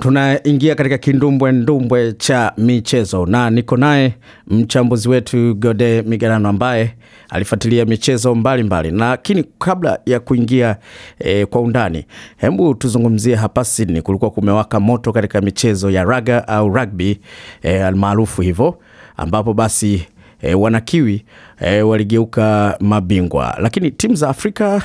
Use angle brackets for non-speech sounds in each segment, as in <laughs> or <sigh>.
Tunaingia katika kindumbwe ndumbwe cha michezo na niko naye mchambuzi wetu Gode Migerano ambaye alifuatilia michezo mbalimbali, lakini kabla ya kuingia e, kwa undani, hebu tuzungumzie hapa Sydney kulikuwa kumewaka moto katika michezo ya raga au rugby e, almaarufu hivyo, ambapo basi e, wanakiwi e, waligeuka mabingwa, lakini timu za Afrika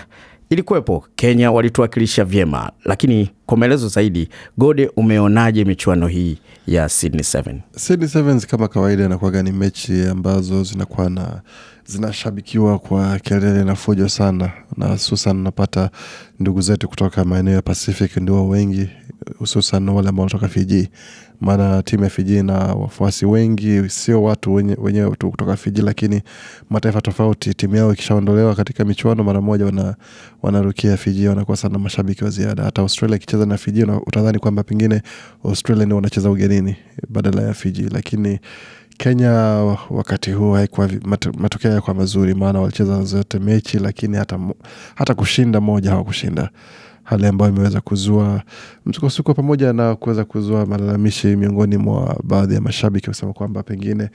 ilikuwepo. Kenya walituwakilisha vyema, lakini kwa maelezo zaidi, Gode, umeonaje michuano hii ya Sydney Seven? Sydney Sevens kama kawaida inakuaga ni mechi ambazo zinakuwa na zinashabikiwa kwa kelele na fujo sana, na hususan napata ndugu zetu kutoka maeneo ya Pacific ndio wengi, hususan wale ambao wanatoka Fiji, maana timu ya Fiji na wafuasi wengi sio watu wenyewe wenye tu kutoka Fiji, lakini mataifa tofauti. Timu yao ikishaondolewa katika michuano mara moja, wanarukia wana Fiji, wanakuwa sana mashabiki wa ziada. Hata Australia ikicheza wanacheza na Fiji utadhani kwamba pengine Australia ndio wanacheza ugenini badala ya Fiji, lakini Kenya wakati huu haikuwa matokeo yakuwa mazuri, maana walicheza zote mechi, lakini hata, hata kushinda moja hawakushinda, hali ambayo imeweza kuzua msukosuko pamoja na kuweza kuzua malalamishi miongoni mwa baadhi ya mashabiki kusema kwamba pengine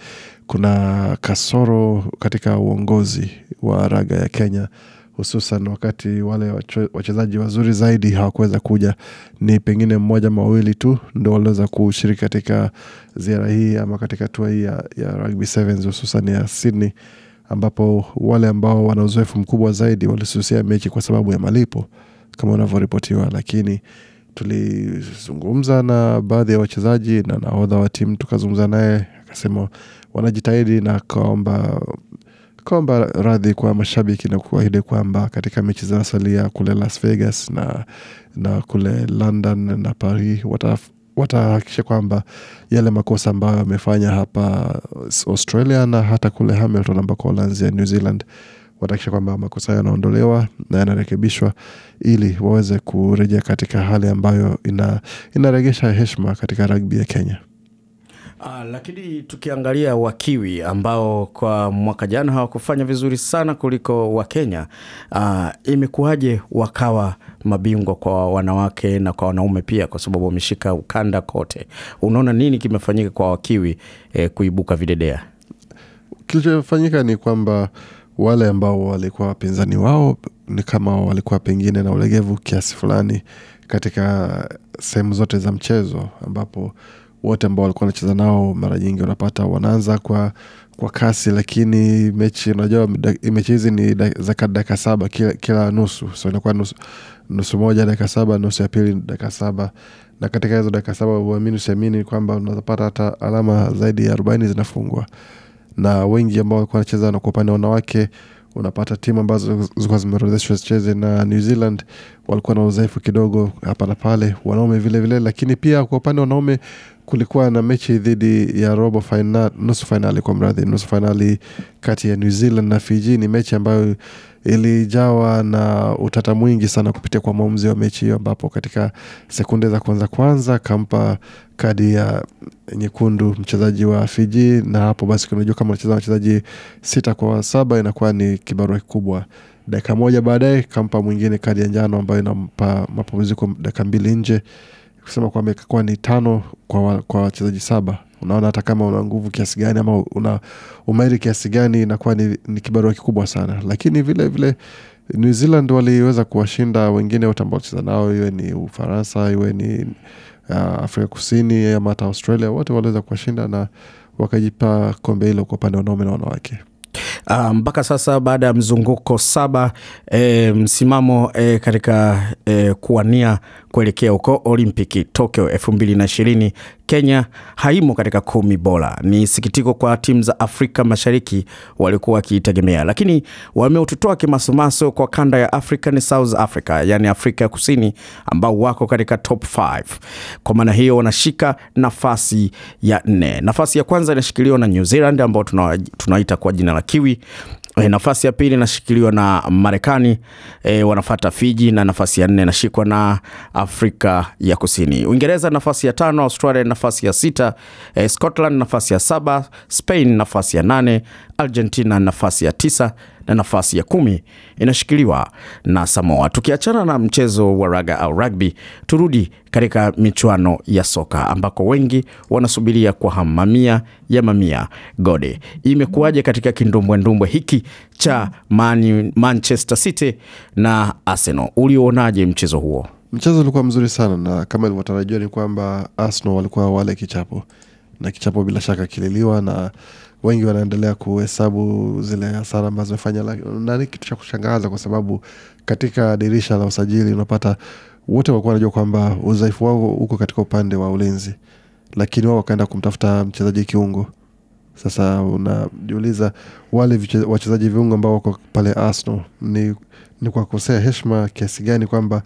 kuna kasoro katika uongozi wa raga ya Kenya hususan wakati wale wachezaji wazuri zaidi hawakuweza kuja. Ni pengine mmoja mawili tu ndo waliweza kushiriki katika ziara hii ama katika tua hii ya, ya rugby sevens hususan ya Sydney ambapo wale ambao wana uzoefu mkubwa zaidi walisusia mechi kwa sababu ya malipo kama unavyoripotiwa, lakini tulizungumza na baadhi ya wachezaji na nahodha wa timu, tukazungumza naye akasema wanajitahidi na akaomba kwamba radhi kwa mashabiki na kuahidi kwamba katika mechi zinazosalia kule Las Vegas na, na kule London na Paris watahakikisha watahakikisha kwamba yale makosa ambayo wamefanya hapa Australia na hata kule Hamilton ambako walianzia New Zealand, watahakikisha kwamba makosa hayo yanaondolewa na yanarekebishwa ili waweze kurejea katika hali ambayo ina, inaregesha heshima katika rugby ya Kenya. Uh, lakini tukiangalia wakiwi ambao kwa mwaka jana hawakufanya vizuri sana kuliko Wakenya, uh, ah, imekuwaje wakawa mabingwa kwa wanawake na kwa wanaume pia, kwa sababu wameshika ukanda kote? Unaona nini kimefanyika kwa wakiwi eh, kuibuka videdea? Kilichofanyika ni kwamba wale ambao walikuwa wapinzani wao ni kama walikuwa pengine na ulegevu kiasi fulani katika sehemu zote za mchezo ambapo wote ambao walikuwa wanacheza nao mara nyingi unapata wanaanza kwa kwa kasi, lakini mechi unajua mechi hizi ni da, za dakika saba kila, kila nusu so inakuwa nusu, nusu moja dakika saba nusu ya pili dakika saba na katika hizo dakika saba uamini usiamini kwamba unazapata hata alama zaidi ya arobaini zinafungwa na wengi ambao walikuwa wanacheza na kwa upande wa wanawake unapata timu ambazo zilikuwa zimeorodheshwa zicheze na New Zealand walikuwa na uzaifu kidogo hapa na pale, wanaume vilevile vile, lakini pia kwa upande wa wanaume kulikuwa na mechi dhidi ya robo final, nusu fainali kwa mradhi, nusu fainali kati ya New Zealand na Fiji. Ni mechi ambayo ilijawa na utata mwingi sana kupitia kwa mwamuzi wa mechi hiyo, ambapo katika sekunde za kwanza kwanza kampa kadi ya nyekundu mchezaji wa Fiji, na hapo basi unajua kama unacheza wachezaji sita kwa saba inakuwa ni kibarua kikubwa. Dakika moja baadaye kampa mwingine kadi ya njano ambayo inampa mapumziko dakika mbili nje kusema kwamba ikakuwa ni tano kwa, kwa wachezaji saba. Unaona, hata kama una nguvu kiasi gani ama una umairi kiasi gani inakuwa ni, ni kibarua kikubwa sana, lakini vile vile New Zealand waliweza kuwashinda wengine wote ambao wacheza nao, iwe ni Ufaransa, iwe ni uh, Afrika Kusini ama hata Australia, wote waliweza kuwashinda na wakajipa kombe hilo kwa upande wanaume na wanawake ah, mpaka um, sasa baada ya mzunguko saba e, msimamo e, katika e, kuwania kuelekea huko Olimpiki Tokyo 220 Kenya haimo katika kumi bora. Ni sikitiko kwa timu za Afrika Mashariki walikuwa wakiitegemea, lakini wameututoa kimasomaso kwa kanda ya Afrika ni South Africa, yani Afrika ya Kusini, ambao wako katika top 5. Kwa maana hiyo wanashika nafasi ya nne. Nafasi ya kwanza inashikiliwa na New Zealand ambao tunaita kwa jina la Kiwi. E, nafasi ya pili inashikiliwa na Marekani. E, wanafata Fiji na nafasi ya nne inashikwa na Afrika ya Kusini. Uingereza nafasi ya tano, Australia nafasi ya sita, eh, Scotland nafasi ya saba, Spain nafasi ya nane, Argentina nafasi ya tisa na nafasi ya kumi inashikiliwa na Samoa. Tukiachana na mchezo wa raga au rugby, turudi katika michuano ya soka ambako wengi wanasubiria kwa mamia ya mamia. Gode, imekuwaje katika kindumbwendumbwe hiki cha Man Manchester City na Arsenal, ulionaje mchezo huo? Mchezo ulikuwa mzuri sana na kama ilivyotarajiwa ni kwamba Arsenal walikuwa wale kichapo na kichapo bila shaka kililiwa, na wengi wanaendelea kuhesabu zile hasara ambazo amefanya, nani ni kitu cha kushangaza kwa sababu katika dirisha la usajili unapata wote walikuwa wanajua kwamba udhaifu wao uko katika upande wa ulinzi, lakini wao wakaenda kumtafuta mchezaji kiungo sasa unajiuliza wale wachezaji viungo ambao wako pale Arsenal ni, ni kwa kosea heshima kiasi gani kwamba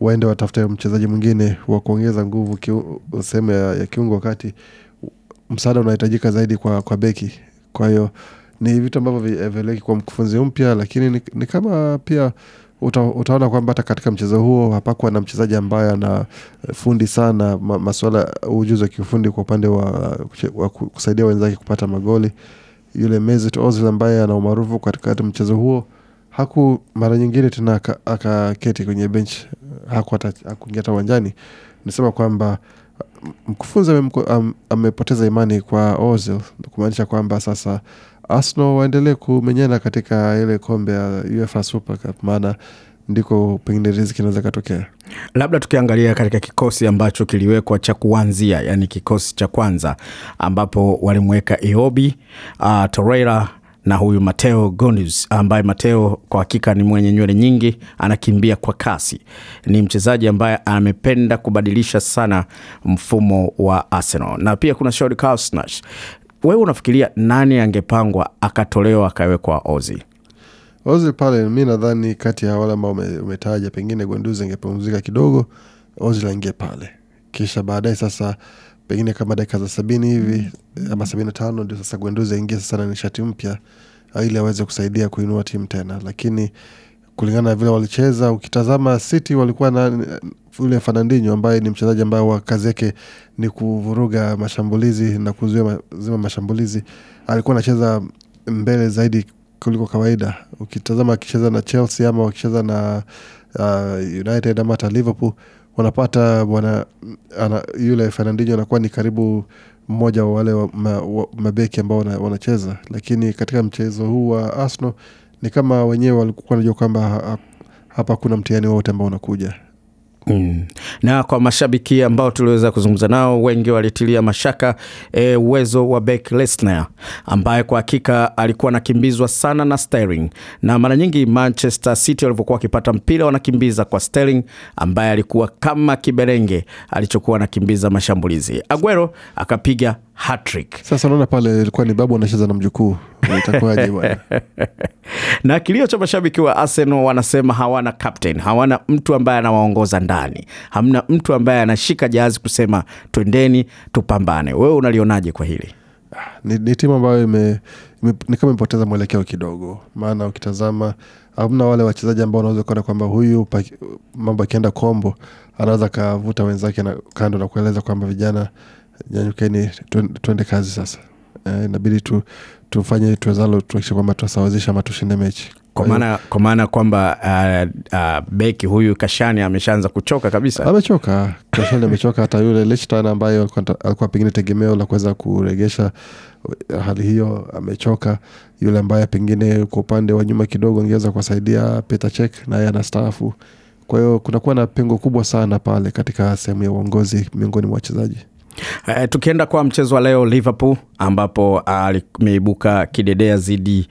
waende watafute mchezaji mwingine wa kuongeza nguvu sehemu ya, ya kiungo wakati msaada unahitajika zaidi kwa, kwa beki. Kwa hiyo ni vitu ambavyo havieleweki kwa mkufunzi mpya, lakini ni, ni kama pia uta, utaona kwamba hata katika mchezo huo hapakuwa na mchezaji ambaye ana eh, fundi sana ma, maswala ujuzi wa kiufundi kwa upande wa, wa kusaidia wenzake kupata magoli. Yule Mesut Ozil ambaye ana umaarufu katika mchezo huo haku mara nyingine tena akaketi aka kwenye bench, hakuingia hata uwanjani. Nasema kwamba mkufunzi amepoteza imani kwa Ozil, kumaanisha kwamba sasa Arsenal waendelee kumenyana katika ile kombe ya UEFA Super Cup maana ndiko pengine riziki inaweza katokea. Labda tukiangalia katika kikosi ambacho kiliwekwa cha kuanzia, yani kikosi cha kwanza ambapo walimweka Iobi, uh, ah, Torreira na huyu Mateo Gonis ambaye Mateo kwa hakika ni mwenye nywele nyingi, anakimbia kwa kasi, ni mchezaji ambaye amependa kubadilisha sana mfumo wa Arsenal. Na pia kuna Sean Kolasinac wewe unafikiria nani angepangwa akatolewa akawekwa Ozi? Ozi pale, mi nadhani kati ya wale ambao umetaja, pengine Gwenduzi angepumzika kidogo, Ozi laingie pale, kisha baadaye sasa pengine kama dakika za sabini hivi ama sabini na tano ndio sasa Gwenduzi aingie sasa na nishati mpya ah, ili aweze kusaidia kuinua timu tena, lakini kulingana na vile walicheza, ukitazama City walikuwa na yule Fernandinho ambaye ni mchezaji ambaye kazi yake ni kuvuruga mashambulizi na kuzuia zima mashambulizi, alikuwa anacheza mbele zaidi kuliko kawaida. Ukitazama akicheza na Chelsea ama wakicheza na uh, United ama hata Liverpool, wanapata bwana yule Fernandinho anakuwa ni karibu mmoja wa wale ma, wa, mabeki ambao wanacheza wana, lakini katika mchezo huu wa Arsenal ni kama wenyewe walikuwa wanajua kwamba hapa kuna mtihani wote ambao unakuja Mm. Na kwa mashabiki ambao tuliweza kuzungumza nao, wengi walitilia mashaka e, uwezo wa Beck Lesnar ambaye kwa hakika alikuwa anakimbizwa sana na Sterling, na mara nyingi Manchester City walivyokuwa wakipata mpira wanakimbiza kwa Sterling ambaye alikuwa kama kiberenge alichokuwa anakimbiza mashambulizi. Aguero akapiga hat-trick. Sasa unaona pale ilikuwa ni babu anacheza na mjukuu itakuwaje bwana? <laughs> na kilio cha mashabiki wa Arsenal wanasema hawana captain, hawana mtu ambaye anawaongoza ndani, hamna mtu ambaye anashika jahazi kusema twendeni tupambane. Wewe unalionaje kwa hili? Ah, ni, ni timu ambayo ime, ime, ni kama imepoteza mwelekeo kidogo, maana ukitazama hamna wale wachezaji ambao wanaweza kuona kwamba huyu mambo akienda kombo anaweza akavuta wenzake na kando na kueleza kwamba vijana, nyanyukeni, tuende kazi sasa. Eh, inabidi tu tufanye tuwezalo tuakisha kwamba tuwasawazisha ama tushinde mechi kwa maana kwa maana kwamba uh, uh, beki huyu kashani ameshaanza kuchoka kabisa amechoka kashani amechoka hata yule lichtan ambaye alikuwa pengine tegemeo la kuweza kuregesha uh, hali hiyo amechoka yule ambaye pengine kwa upande wa nyuma kidogo angeweza kuwasaidia petachek naye anastaafu kwa hiyo kunakuwa na pengo kubwa sana pale katika sehemu ya uongozi miongoni mwa wachezaji E, tukienda kwa mchezo wa leo Liverpool ambapo alimeibuka ah, kidedea zidi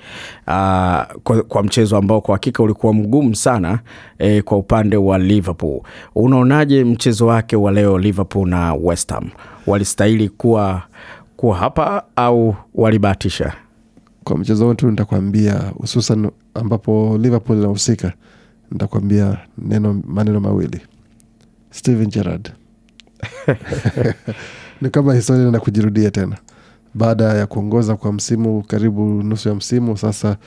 uh, kwa, kwa mchezo ambao kwa hakika ulikuwa mgumu sana e, kwa upande wa Liverpool. Unaonaje mchezo wake wa leo Liverpool na West Ham? Walistahili kuwa, kuwa hapa au walibahatisha? Kwa mchezo wetu nitakwambia, hususan ambapo Liverpool inahusika, nitakwambia neno maneno mawili Steven Gerrard <laughs> ni kama historia inaenda kujirudia tena baada ya kuongoza kwa msimu karibu nusu ya msimu sasa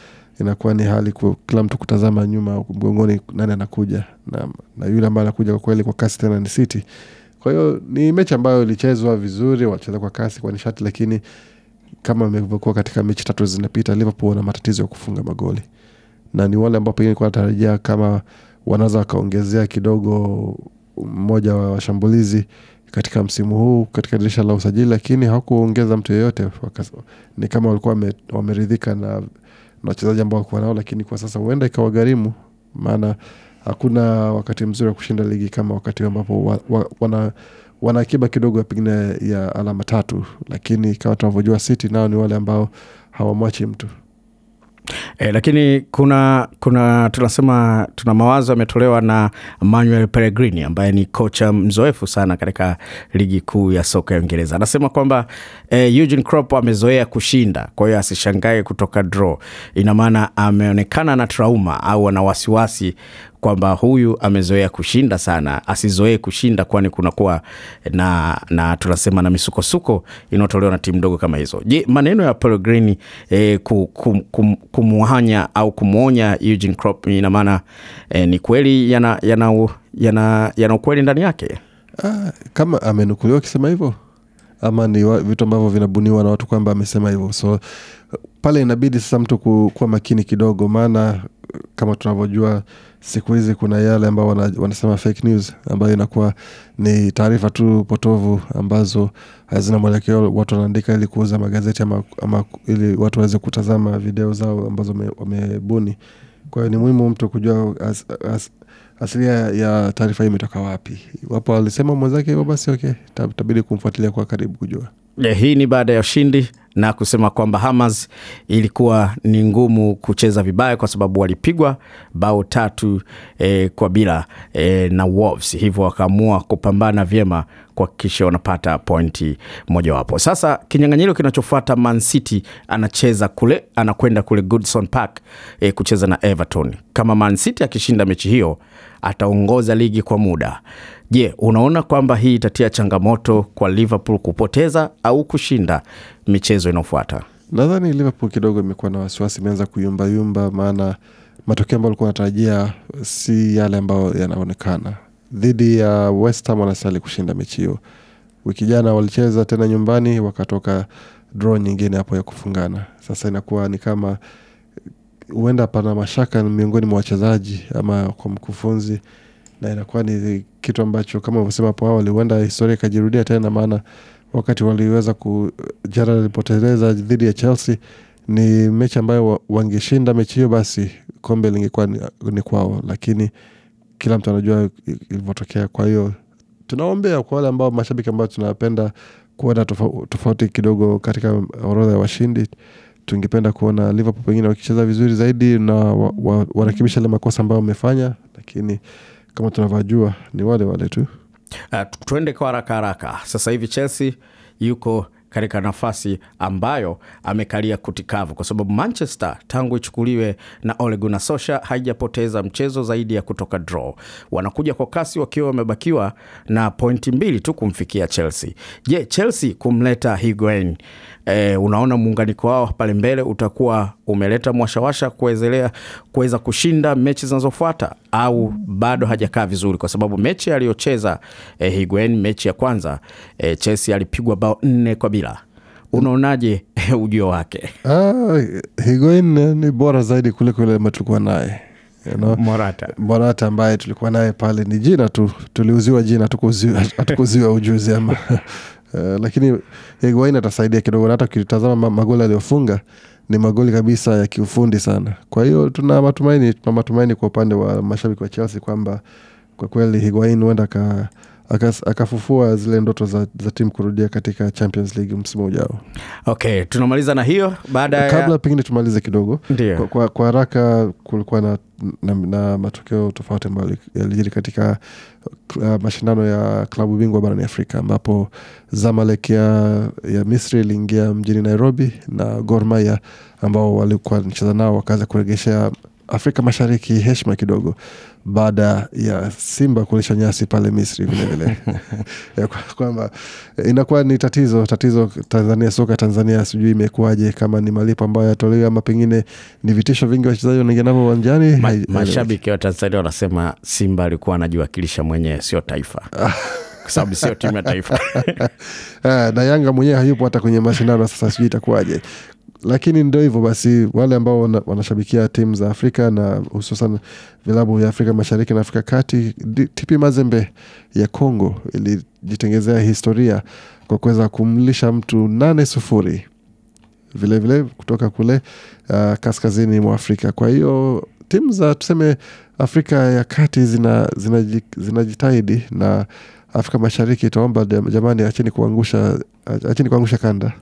inakuwa ni hali kwa kila mtu kutazama nyuma mgongoni nani anakuja na, na yule ambaye anakuja kwa kweli kwa kasi tena ni city kwa hiyo ni mechi ambayo ilichezwa vizuri wacheza kwa kasi kwa nishati lakini kama imekuwa katika mechi tatu zinapita liverpool wana matatizo ya kufunga magoli na ni wale ambao pengine kuwa natarajia kama wanaweza wakaongezea kidogo mmoja wa washambulizi katika msimu huu katika dirisha la usajili, lakini hawakuongeza mtu yeyote. Ni kama walikuwa wameridhika na wachezaji ambao wakuwa nao, lakini kwa sasa huenda ikawagharimu, maana hakuna wakati mzuri wa kushinda ligi kama wakati ambapo wa, wa, wana wana akiba kidogo pengine ya alama tatu, lakini kama tunavyojua City nao ni wale ambao hawamwachi mtu. E, lakini kuna kuna tunasema tuna mawazo yametolewa na Manuel Pellegrini ambaye ni kocha mzoefu sana katika ligi kuu ya soka ya Uingereza. Anasema kwamba e, Jurgen Klopp amezoea kushinda, kwa hiyo asishangae kutoka draw. Ina maana ameonekana na trauma au ana wasiwasi kwamba huyu amezoea kushinda sana, asizoee kushinda, kwani kunakuwa na, na tunasema na misukosuko inayotolewa na timu ndogo kama hizo. Je, maneno ya Paul eh, kum, kum, kum, kumwanya au kumwonya Jurgen Klopp ina maana eh, ni kweli yana, yana, yana, yana ukweli ndani yake? Ah, kama amenukuliwa akisema hivyo ama ni vitu ambavyo vinabuniwa na watu kwamba amesema hivyo, so pale inabidi sasa mtu kuwa makini kidogo, maana kama tunavyojua siku hizi kuna yale ambao wana, wanasema fake news ambayo inakuwa ni taarifa tu potovu ambazo hazina mwelekeo, watu wanaandika ili kuuza magazeti ama, ama ili watu waweze kutazama video zao ambazo wamebuni. Kwa hiyo ni muhimu mtu kujua as, as, asilia ya taarifa hii imetoka wapi. Wapo alisema mwenzake hivyo, basi okay, tabidi kumfuatilia kwa karibu kujua Eh, hii ni baada ya ushindi na kusema kwamba Hamas ilikuwa ni ngumu kucheza vibaya kwa sababu walipigwa bao tatu e, kwa bila e, na Wolves, hivyo wakaamua kupambana vyema kuhakikisha wanapata pointi mojawapo. Sasa kinyang'anyiro kinachofuata, Man City anacheza kule, anakwenda kule Goodison Park e, kucheza na Everton. Kama Man City akishinda mechi hiyo ataongoza ligi kwa muda Je, unaona kwamba hii itatia changamoto kwa Liverpool kupoteza au kushinda michezo inayofuata? Nadhani Liverpool kidogo imekuwa na wasiwasi, imeanza kuyumbayumba, maana matokeo ambayo alikuwa anatarajia si yale ambayo yanaonekana. Dhidi ya West Ham wanastahili kushinda mechi hiyo. Wiki jana walicheza tena nyumbani, wakatoka draw nyingine hapo ya kufungana. Sasa inakuwa ni kama huenda pana mashaka miongoni mwa wachezaji ama kwa mkufunzi na inakuwa ni kitu ambacho kama ulivyosema hapo awali, huenda historia ikajirudia tena, maana wakati waliweza kujara alipoteleza dhidi ya Chelsea ni mechi ambayo wangeshinda mechi hiyo, basi kombe lingekuwa ni, ni kwao, lakini kila mtu anajua ilivyotokea. Kwa hiyo tunaombea kwa wale ambao mashabiki ambao tunapenda kuona tofauti kidogo katika orodha ya washindi. Tungependa kuona Liverpool pengine wakicheza vizuri zaidi na warekebisha wa, wa, wa, ile makosa ambayo wamefanya, lakini kama tunavyojua ni wale wale tu. Uh, tuende kwa haraka haraka sasa hivi Chelsea yuko katika nafasi ambayo amekalia kutikavu, kwa sababu Manchester tangu ichukuliwe na Ole Gunnar Solskjaer haijapoteza mchezo zaidi ya kutoka draw. Wanakuja kwa kasi wakiwa wamebakiwa na pointi mbili tu kumfikia Chelsea. Je, Chelsea kumleta Higuain, e, unaona muunganiko wao pale mbele utakuwa umeleta mwashawasha kuwezelea kuweza kushinda mechi zinazofuata au bado hajakaa vizuri, kwa sababu mechi aliyocheza e, Higuain, mechi ya kwanza e, Chelsea alipigwa bao nne kwa Kabila unaonaje eh, ujio wake? Ah, ni bora zaidi kuliko ile ambaye tulikuwa naye Morata. Morata ambaye tulikuwa naye pale ni jina tu, tuliuziwa jina, hatukuziwa ujuzi ama uh, <laughs> lakini Higuain atasaidia kidogo, na hata ukitazama magoli aliyofunga ni magoli kabisa ya kiufundi sana. Kwa hiyo tuna matumaini, tuna matumaini kwa upande wa mashabiki wa Chelsea kwamba kwa kweli Higuain huenda ka akafufua zile ndoto za, za timu kurudia katika champions league msimu ujao okay tunamaliza na hiyo baada ya... kabla pengine tumalize kidogo kwa, kwa, kwa haraka kulikuwa na, na, na matokeo tofauti ambayo yalijiri katika uh, mashindano ya klabu bingwa barani afrika ambapo zamalek ya, ya misri iliingia mjini nairobi na gormaya ambao walikuwa nicheza nao wakaweza kuregeshea Afrika Mashariki heshima kidogo baada ya Simba kulisha nyasi pale Misri vilevile <laughs> kwamba eh, inakuwa ni tatizo tatizo Tanzania, soka Tanzania sijui imekuwaje, kama ni malipo ambayo yatolewa ama pengine ni vitisho vingi wachezaji wanaingia navyo uwanjani. Ma, mashabiki wa Tanzania wanasema Simba alikuwa anajiwakilisha mwenyewe, sio taifa <laughs> ah. kwa sababu sio timu ya taifa <laughs> eh, na Yanga mwenyewe hayupo hata kwenye mashindano sasa, sijui itakuwaje lakini ndo hivyo basi, wale ambao wanashabikia timu za Afrika na hususan vilabu vya Afrika Mashariki na Afrika Kati, TP Mazembe ya Kongo ilijitengezea historia kwa kuweza kumlisha mtu nane sufuri vilevile kutoka kule uh, kaskazini mwa Afrika. Kwa hiyo timu za tuseme Afrika ya Kati zinajitahidi zina, zina na Afrika Mashariki itaomba jamani, acheni kuangusha, acheni kuangusha kanda.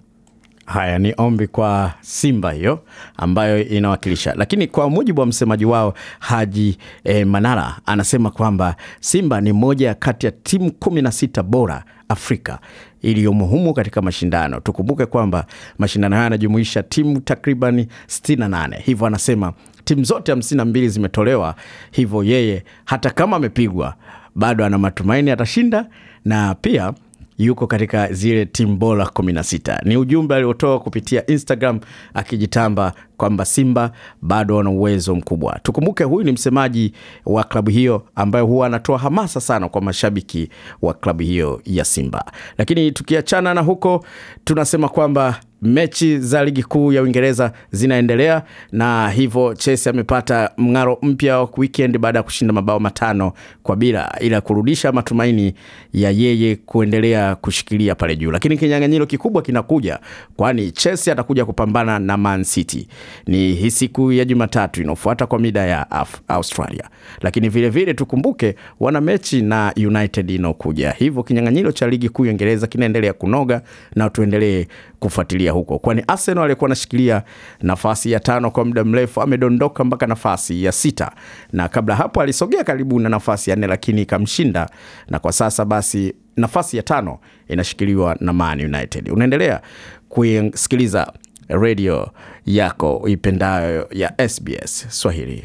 Haya ni ombi kwa Simba hiyo ambayo inawakilisha, lakini kwa mujibu wa msemaji wao Haji eh, Manara anasema kwamba Simba ni moja kati ya timu kumi na sita bora Afrika iliyomuhumu katika mashindano. Tukumbuke kwamba mashindano haya yanajumuisha timu takribani 68. Hivyo anasema timu zote 52 zimetolewa, hivyo yeye hata kama amepigwa bado ana matumaini atashinda na pia yuko katika zile timu bora 16. Ni ujumbe aliotoa kupitia Instagram akijitamba kwamba Simba bado wana uwezo mkubwa. Tukumbuke huyu ni msemaji wa klabu hiyo ambayo huwa anatoa hamasa sana kwa mashabiki wa klabu hiyo ya Simba. Lakini tukiachana na huko, tunasema kwamba mechi za ligi kuu ya Uingereza zinaendelea na hivyo Chelsea amepata mng'aro mpya weekend baada ya kushinda mabao matano kwa bila, ila kurudisha matumaini ya yeye kuendelea kushikilia pale juu, lakini kinyang'anyiro kikubwa kinakuja, kwani Chelsea atakuja kupambana na Man City ni hii siku ya Jumatatu inaofuata kwa mida ya Af Australia, lakini vilevile vile tukumbuke wana mechi na United inaokuja, hivyo kinyang'anyiro cha ligi kuu ya Uingereza kinaendelea kunoga na tuendelee kufuatilia huko, kwani Arsenal alikuwa anashikilia nafasi ya tano kwa muda mrefu, amedondoka mpaka nafasi ya sita, na kabla hapo alisogea karibu na nafasi ya nne, lakini ikamshinda, na kwa sasa basi nafasi ya tano inashikiliwa na Man United. Unaendelea kuisikiliza redio yako ipendayo ya SBS Swahili.